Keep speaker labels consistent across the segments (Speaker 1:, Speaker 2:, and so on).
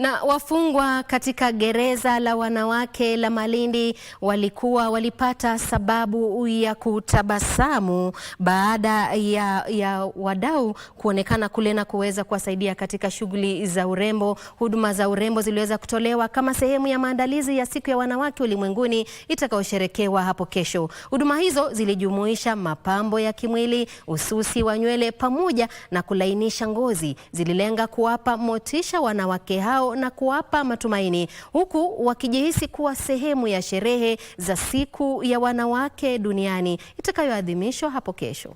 Speaker 1: Na wafungwa katika gereza la wanawake la Malindi walikuwa walipata sababu ya kutabasamu baada ya, ya wadau kuonekana kule na kuweza kuwasaidia katika shughuli za urembo. Huduma za urembo ziliweza kutolewa kama sehemu ya maandalizi ya Siku ya Wanawake Ulimwenguni itakayosherekewa hapo kesho. Huduma hizo zilijumuisha mapambo ya kimwili, ususi wa nywele pamoja na kulainisha ngozi, zililenga kuwapa motisha wanawake hao na kuwapa matumaini huku wakijihisi kuwa sehemu ya sherehe za siku ya wanawake duniani itakayoadhimishwa hapo kesho.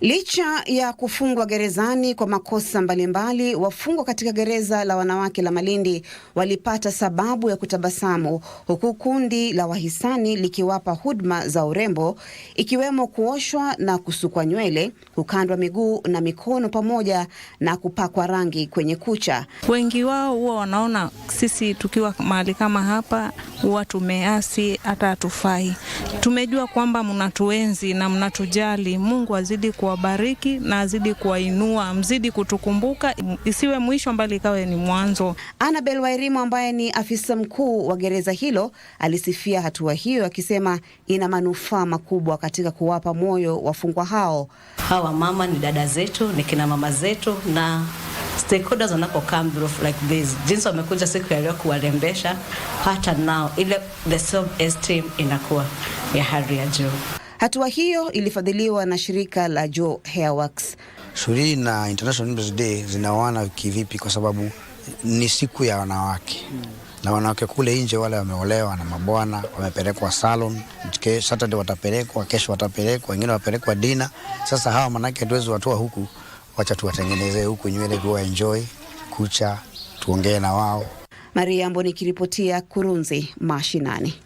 Speaker 2: Licha ya kufungwa gerezani kwa makosa mbalimbali, wafungwa katika gereza la wanawake la Malindi walipata sababu ya kutabasamu, huku kundi la wahisani likiwapa huduma za urembo, ikiwemo kuoshwa na kusukwa nywele, kukandwa miguu na mikono, pamoja na kupakwa rangi kwenye kucha.
Speaker 3: Wengi wao huwa wanaona sisi tukiwa mahali kama hapa huwa tumeasi hata hatufai. Tumejua kwamba mnatuenzi na mnatujali. Mungu azidi kuwabariki na azidi kuwainua, mzidi kutukumbuka, isiwe mwisho mbali ikawe ni mwanzo.
Speaker 2: Annabel Wairimu ambaye ni afisa mkuu wa gereza hilo alisifia hatua hiyo akisema ina manufaa makubwa katika kuwapa moyo wafungwa hao.
Speaker 4: Hawa mama ni dada zetu, ni kina mama zetu na stakeholders wanapo come like this, jinsi wamekuja siku ya leo kuwarembesha, hata nao ile the self esteem inakuwa ya hali ya juu.
Speaker 2: Hatua hiyo ilifadhiliwa na shirika la Joe Hairworks.
Speaker 5: Shughuli na International Women's Day zinaoana kivipi? Kwa sababu ni siku ya wanawake na wanawake kule nje wale wameolewa na mabwana wamepelekwa salon, Saturday watapelekwa, kesho watapelekwa, wengine wapelekwa dina. Sasa hawa manake hatuwezi watoa huku wacha tuwatengenezee huku nywele, kuwa enjoy kucha, tuongee na wao.
Speaker 2: Maria Ambo nikiripotia Kurunzi Mashinani.